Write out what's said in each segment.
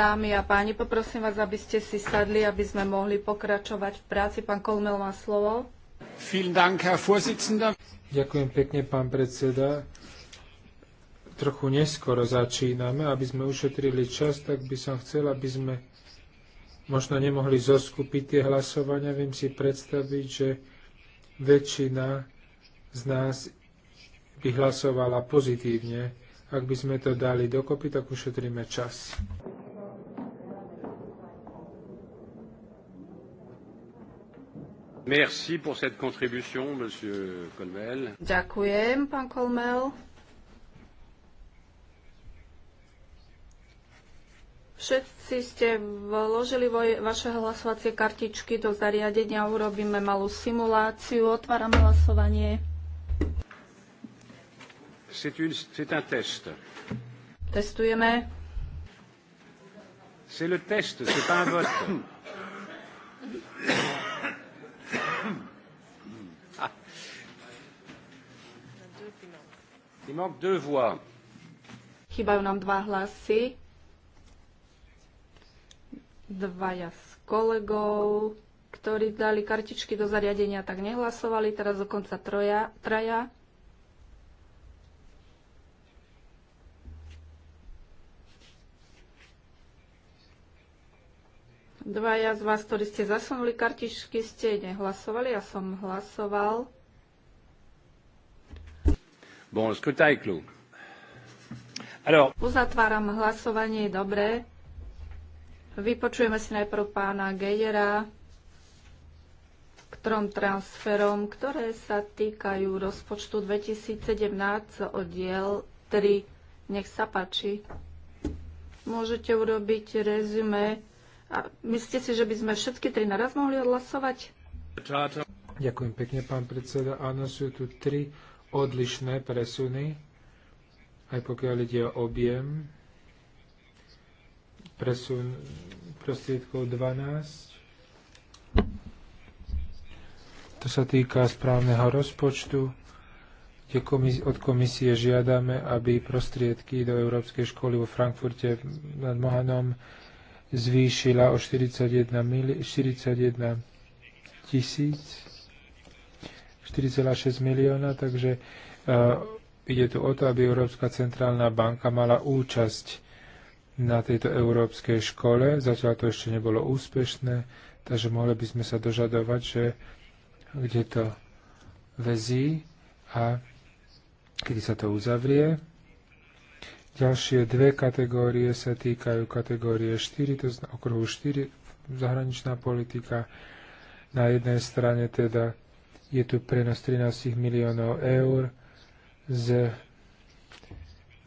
Dámy a páni, poprosím vás, aby ste si sadli, aby sme mohli pokračovať v práci. Pán Kolmel má slovo. Ďakujem pekne, pán predseda. Trochu neskoro začíname, aby sme ušetrili čas, tak by som chcel, aby sme možno nemohli zoskupiť tie hlasovania. Viem si predstaviť, že väčšina z nás by hlasovala pozitívne ak by sme to dali dokopy, tak ušetríme čas. Merci pour cette contribution, monsieur Colmel. Ďakujem, pán Colmel. Všetci ste vložili voj- vaše hlasovacie kartičky do zariadenia, urobíme malú simuláciu, otváram hlasovanie. C'est un test. Testujeme. C'est le test, c'est pas un vote. ah. Il manque deux voix. Chýbajú nám dva hlasy. Dvaja z kolegov, ktorí dali kartičky do zariadenia, tak nehlasovali. Teraz dokonca troja, traja. dvaja z vás, ktorí ste zasunuli kartičky, ste nehlasovali. Ja som hlasoval. Bon, Alors... Uzatváram hlasovanie, dobre. Vypočujeme si najprv pána Gejera k trom transferom, ktoré sa týkajú rozpočtu 2017 oddiel 3. Nech sa páči. Môžete urobiť rezume a myslíte si, že by sme všetky tri naraz mohli odhlasovať? Ďakujem pekne, pán predseda. Áno, sú tu tri odlišné presuny, aj pokiaľ ide o objem. Presun prostriedkov 12. To sa týka správneho rozpočtu, kde od komisie žiadame, aby prostriedky do Európskej školy vo Frankfurte nad Mohanom zvýšila o 41, mili, 41 tisíc, 4,6 milióna, takže uh, ide tu o to, aby Európska centrálna banka mala účasť na tejto európskej škole. Zatiaľ to ešte nebolo úspešné, takže mohli by sme sa dožadovať, že kde to vezí a kedy sa to uzavrie. Ďalšie dve kategórie sa týkajú kategórie 4, to znamená okruhu 4, zahraničná politika. Na jednej strane teda je tu prenos 13 miliónov eur z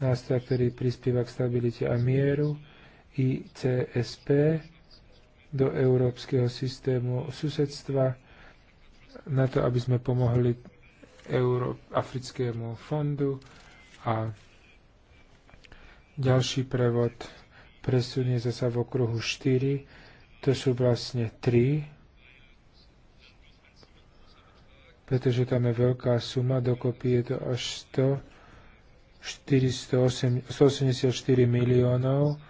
nástroja, ktorý prispieva k stabilite a mieru ICSP do európskeho systému susedstva na to, aby sme pomohli Euro- Africkému fondu a ďalší prevod presunie zase v okruhu 4. To sú vlastne 3, pretože tam je veľká suma, dokopy je to až 100, 408, 184 miliónov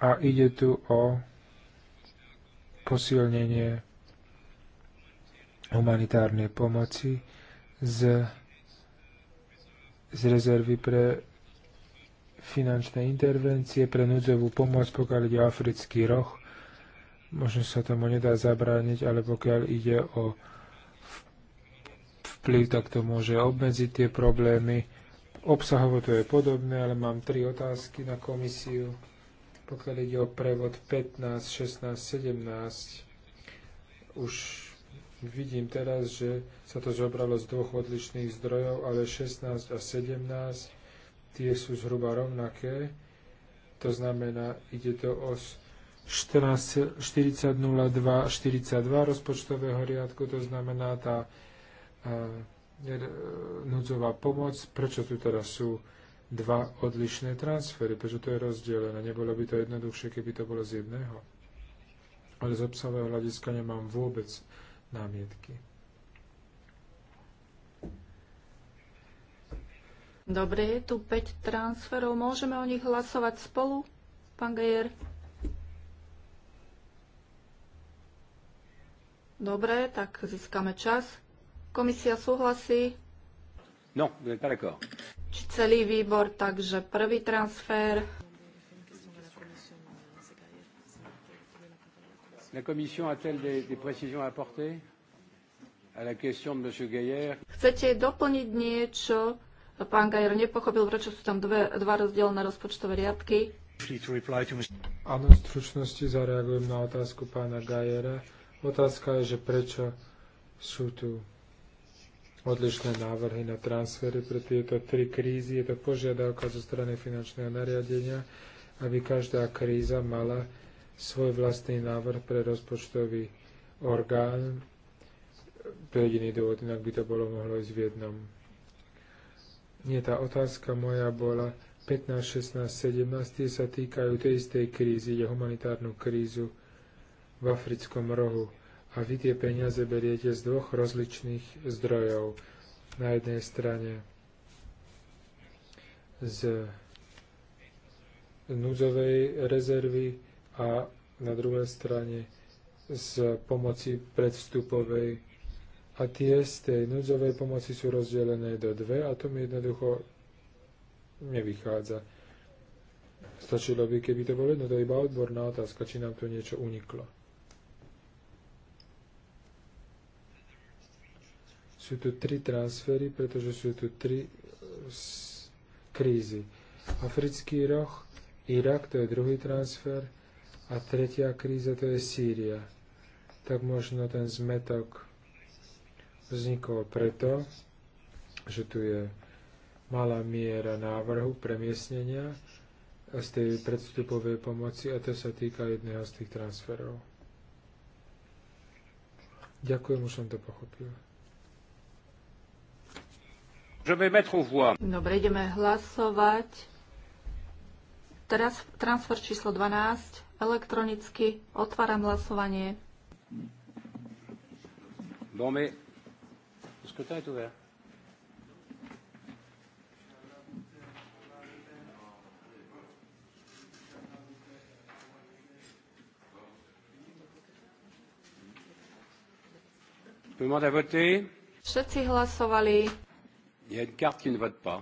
a ide tu o posilnenie humanitárnej pomoci z z rezervy pre finančné intervencie, pre núdzovú pomoc, pokiaľ ide o africký roh. Možno sa tomu nedá zabrániť, ale pokiaľ ide o vplyv, tak to môže obmedziť tie problémy. Obsahovo to je podobné, ale mám tri otázky na komisiu. Pokiaľ ide o prevod 15, 16, 17, už Vidím teraz, že sa to zobralo z dvoch odlišných zdrojov, ale 16 a 17 tie sú zhruba rovnaké. To znamená, ide to o 40.02.42 rozpočtového riadku, to znamená tá e, núdzová pomoc. Prečo tu teraz sú dva odlišné transfery? Prečo to je rozdelené? Nebolo by to jednoduchšie, keby to bolo z jedného? Ale z obsahového hľadiska nemám vôbec námietky. Dobre, je tu 5 transferov. Môžeme o nich hlasovať spolu, pán Gejer? Dobre, tak získame čas. Komisia súhlasí? No, pas Či celý výbor, takže prvý transfer La Commission a-t-elle des, des précisions à apporter à la question de M. Gaillard Chcete doplniť niečo? Pán Gajer nepochopil, prečo sú tam dve, dva rozdielne rozpočtové riadky. Áno, v stručnosti zareagujem na otázku pána Gajera. Otázka je, že prečo sú tu odlišné návrhy na transfery pre tieto tri krízy. Je to požiadavka zo strany finančného nariadenia, aby každá kríza mala svoj vlastný návrh pre rozpočtový orgán pre jediný dôvod, inak by to bolo mohlo ísť v jednom. Nie, tá otázka moja bola 15, 16, 17, tie sa týkajú tej istej krízy, je humanitárnu krízu v africkom rohu. A vy tie peniaze beriete z dvoch rozličných zdrojov. Na jednej strane z núdzovej rezervy a na druhej strane z pomoci predvstupovej. A tie z tej núdzovej pomoci sú rozdelené do dve a to mi jednoducho nevychádza. Stačilo by, keby to bolo jedno, to je iba odborná otázka, či nám to niečo uniklo. Sú tu tri transfery, pretože sú tu tri krízy. Africký roh, Irak, to je druhý transfer, a tretia kríza to je Sýria. Tak možno ten zmetok vznikol preto, že tu je malá miera návrhu premiesnenia z tej predstupovej pomoci a to sa týka jedného z tých transferov. Ďakujem, už som to pochopil. Dobre, ideme hlasovať Teraz transfer číslo 12. Elektronicky otváram hlasovanie. Domy. Skutaj tu scrutin Tout le monde a voté Všetci hlasovali. Il y a une carte qui ne vote pas.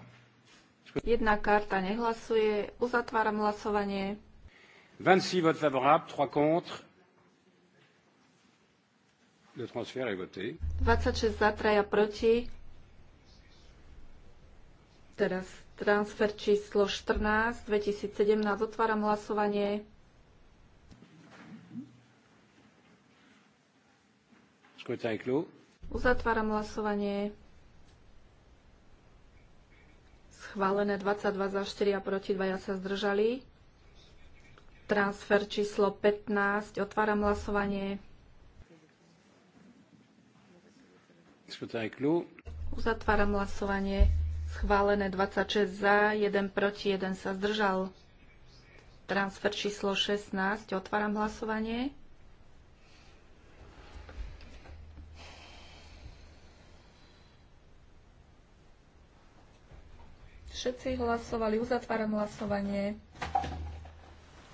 Jedna karta nehlasuje. Uzatváram hlasovanie. 26 votes favorables, 3 contre. Le transfert est voté. 26 za, 3 proti. Teraz transfer číslo 14 2017. Otváram hlasovanie. Uzatváram hlasovanie schválené 22 za 4 a proti 2 sa zdržali. Transfer číslo 15. Otváram hlasovanie. Uzatváram hlasovanie. Schválené 26 za, 1 proti, 1 sa zdržal. Transfer číslo 16. Otváram hlasovanie. Všetci hlasovali, uzatváram hlasovanie.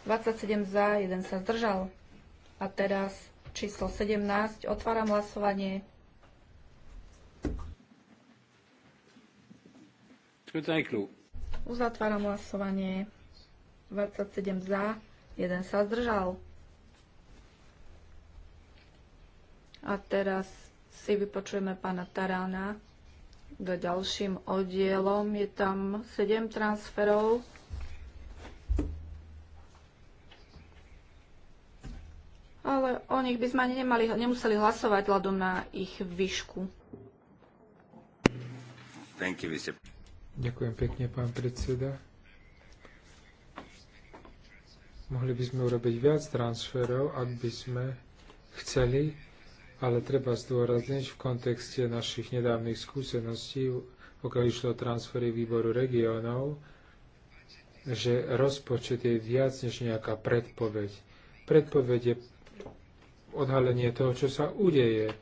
27 za, 1 sa zdržal. A teraz číslo 17, otváram hlasovanie. Uzatváram hlasovanie. 27 za, 1 sa zdržal. A teraz si vypočujeme pána Tarána ďalším oddielom. Je tam 7 transferov. Ale o nich by sme ani nemali, nemuseli hlasovať hľadom na ich výšku. You, Ďakujem pekne, pán predseda. Mohli by sme urobiť viac transferov, ak by sme chceli ale treba zdôrazniť v kontexte našich nedávnych skúseností, pokiaľ išlo o transfery výboru regiónov, že rozpočet je viac než nejaká predpoveď. Predpoveď je odhalenie toho, čo sa udeje.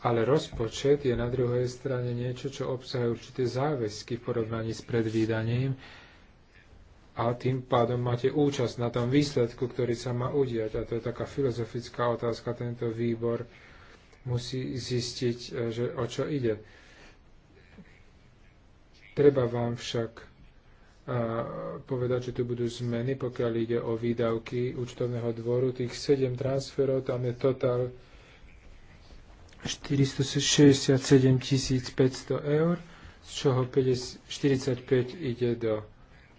Ale rozpočet je na druhej strane niečo, čo obsahuje určité záväzky v porovnaní s predvídaním a tým pádom máte účasť na tom výsledku, ktorý sa má udiať. A to je taká filozofická otázka. Tento výbor musí zistiť, e, že o čo ide. Treba vám však e, povedať, že tu budú zmeny, pokiaľ ide o výdavky účtovného dvoru. Tých 7 transferov, tam je totál 467 500 eur, z čoho 45 ide do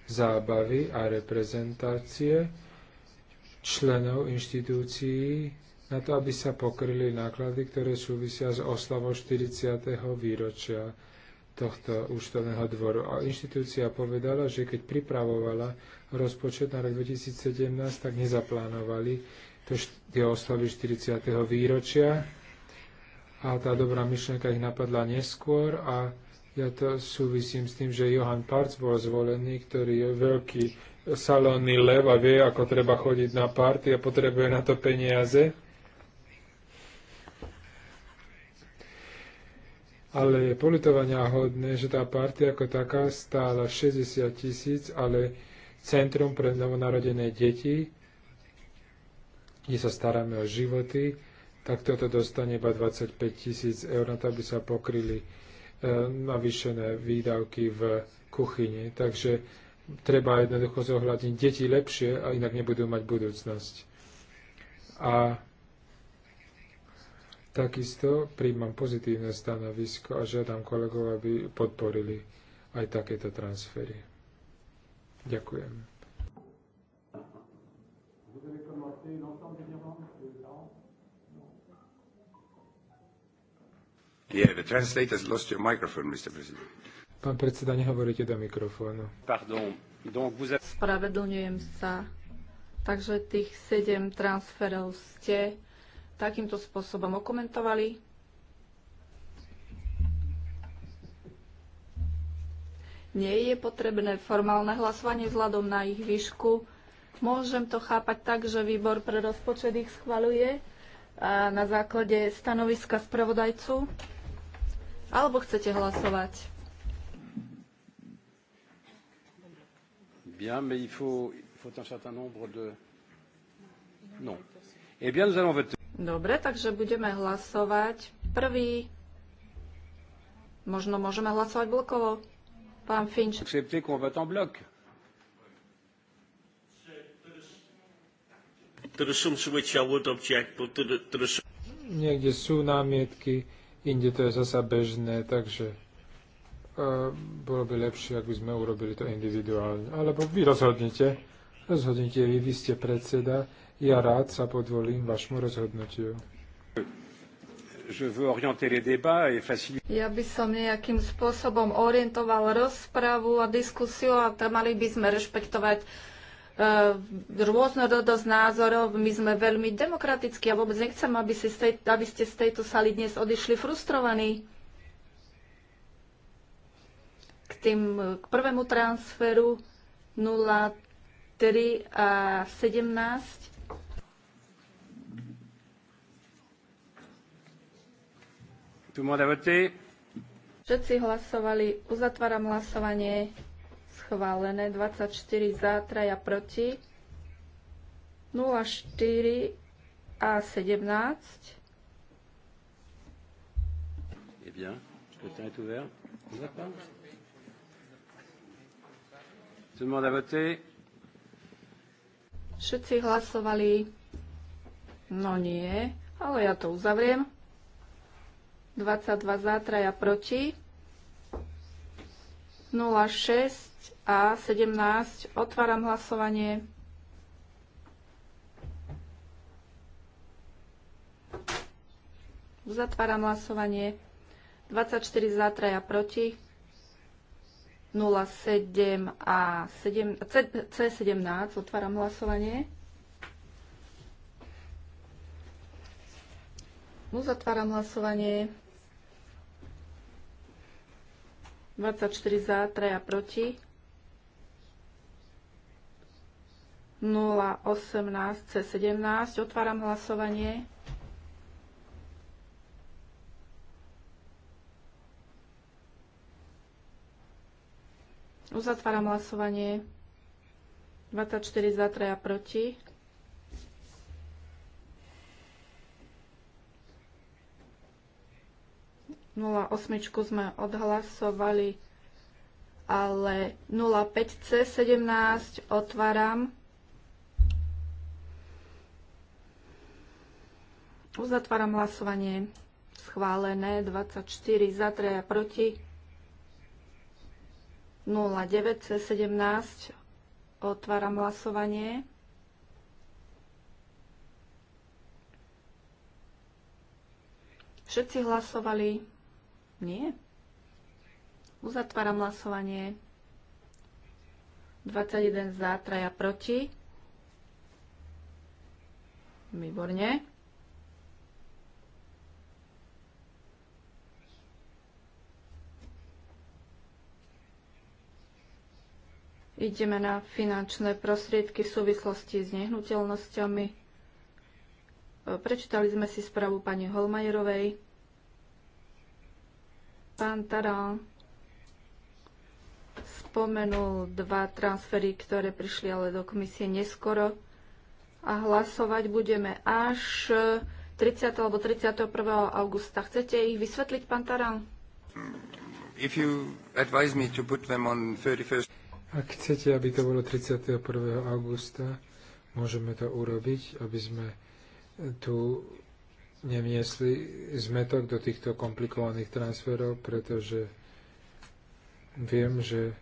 zábavy a reprezentácie členov inštitúcií na to, aby sa pokryli náklady, ktoré súvisia s oslavou 40. výročia tohto účtovného dvoru. A inštitúcia povedala, že keď pripravovala rozpočet na rok 2017, tak nezaplánovali to, tie oslavy 40. výročia a tá dobrá myšlienka ich napadla neskôr a ja to súvisím s tým, že Johan Parc bol zvolený, ktorý je veľký salónny lev a vie, ako treba chodiť na party a potrebuje na to peniaze. Ale je politovania hodné, že tá partia ako taká stála 60 tisíc, ale Centrum pre novonarodené deti, kde sa staráme o životy, tak toto dostane iba 25 tisíc eur na to, aby sa pokryli Eh, navýšené výdavky v kuchyni. Takže treba jednoducho zohľadniť deti lepšie a inak nebudú mať budúcnosť. A takisto príjmam pozitívne stanovisko a žiadam kolegov, aby podporili aj takéto transfery. Ďakujem. Yeah, the translator has lost your microphone, Mr. President. Pán predseda, nehovoríte do mikrofónu. Pardon. Donc vous Spravedlňujem sa. Takže tých sedem transferov ste takýmto spôsobom okomentovali. Nie je potrebné formálne hlasovanie vzhľadom na ich výšku. Môžem to chápať tak, že výbor pre rozpočet ich schvaluje na základe stanoviska spravodajcu. Alebo chcete hlasovať? Bien, mais il faut, il faut un certain nombre de... Non. Eh bien, nous allons voter. Dobre, takže budeme hlasovať. Prvý. Možno môžeme hlasovať blokovo. Pán Finč. Accepté qu'on vote en bloc. Niekde sú námietky inde to je zasa bežné, takže uh, bolo by lepšie, ak by sme urobili to individuálne. Alebo vy rozhodnite, rozhodnite vy, vy ste predseda, ja rád sa podvolím vašmu rozhodnutiu. Ja by som nejakým spôsobom orientoval rozpravu a diskusiu a tam mali by sme rešpektovať E, rôznorodosť názorov. My sme veľmi demokratickí a vôbec nechcem, aby, si stej, aby ste z tejto sály dnes odišli frustrovaní. K, tým, k prvému transferu 03 a 17 Všetci hlasovali. Uzatváram hlasovanie schválené 24 za, 3 a proti, 04 a 17. Eh bien, le scrutin est ouvert. Tout le monde a voté. Všetci hlasovali. No nie, ale ja to uzavriem. 22 za, 3 a proti. 06 a 17. Otváram hlasovanie. Zatváram hlasovanie. 24 za, 3 a proti. 07 a 7, C17. Otváram hlasovanie. Uzatváram hlasovanie. 24 za, 3 a proti. 018 C17. Otváram hlasovanie. Uzatváram hlasovanie. 24 za 3 a proti. Nula osmičku sme odhlasovali, ale 05C17 otváram. Uzatváram hlasovanie. Schválené 24 za 3 a proti 09 C17. Otváram hlasovanie. Všetci hlasovali? Nie. Uzatváram hlasovanie. 21 za, 3 proti. Výborne. Ideme na finančné prostriedky v súvislosti s nehnuteľnosťami. E, prečítali sme si správu pani Holmajerovej. Pán Taral spomenul dva transfery, ktoré prišli ale do komisie neskoro a hlasovať budeme až 30. alebo 31. augusta. Chcete ich vysvetliť, pán Taral? If you advise me to put them on 31st... Ak chcete, aby to bolo 31. augusta, môžeme to urobiť, aby sme tu nemiesli zmetok do týchto komplikovaných transferov, pretože viem, že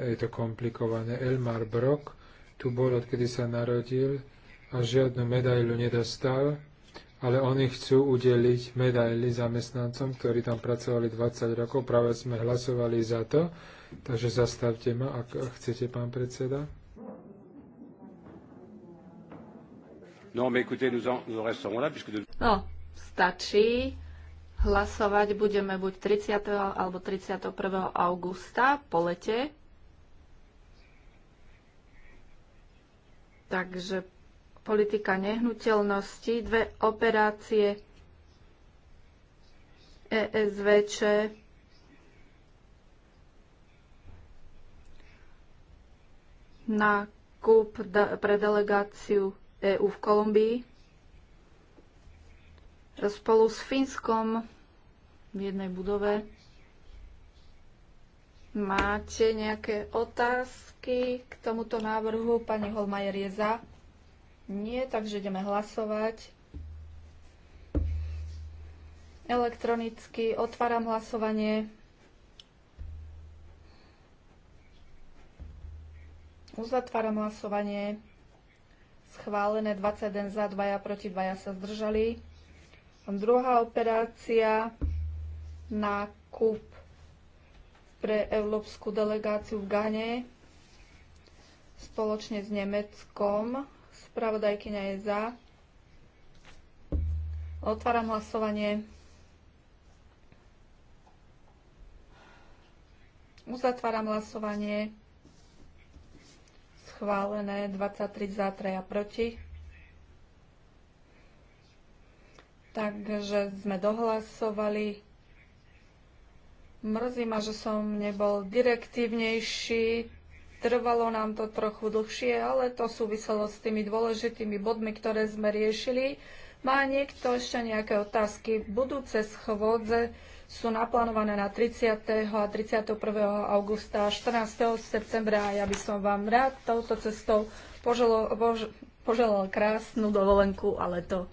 je to komplikované. Elmar Brock tu bol, odkedy sa narodil a žiadnu medailu nedostal ale oni chcú udeliť medaily zamestnancom, ktorí tam pracovali 20 rokov. Práve sme hlasovali za to, takže zastavte ma, ak chcete, pán predseda. No, stačí. Hlasovať budeme buď 30. alebo 31. augusta po lete. Takže politika nehnuteľnosti, dve operácie ESVČ, na kúp pre delegáciu EÚ v Kolumbii. Spolu s Fínskom v jednej budove. Máte nejaké otázky k tomuto návrhu? Pani Holmajer je za. Nie, takže ideme hlasovať. Elektronicky otváram hlasovanie. Uzatváram hlasovanie. Schválené 21 za, 2 proti, 2 sa zdržali. Druhá operácia na kúp pre európsku delegáciu v Gane spoločne s Nemeckom Spravodajkyňa je za. Otváram hlasovanie. Uzatváram hlasovanie. Schválené 23 za, 3 a proti. Takže sme dohlasovali. Mrzí ma, že som nebol direktívnejší Trvalo nám to trochu dlhšie, ale to súviselo s tými dôležitými bodmi, ktoré sme riešili. Má niekto ešte nejaké otázky? Budúce schôdze sú naplánované na 30. a 31. augusta a 14. septembra. Ja by som vám rád touto cestou poželal, poželal krásnu dovolenku a leto.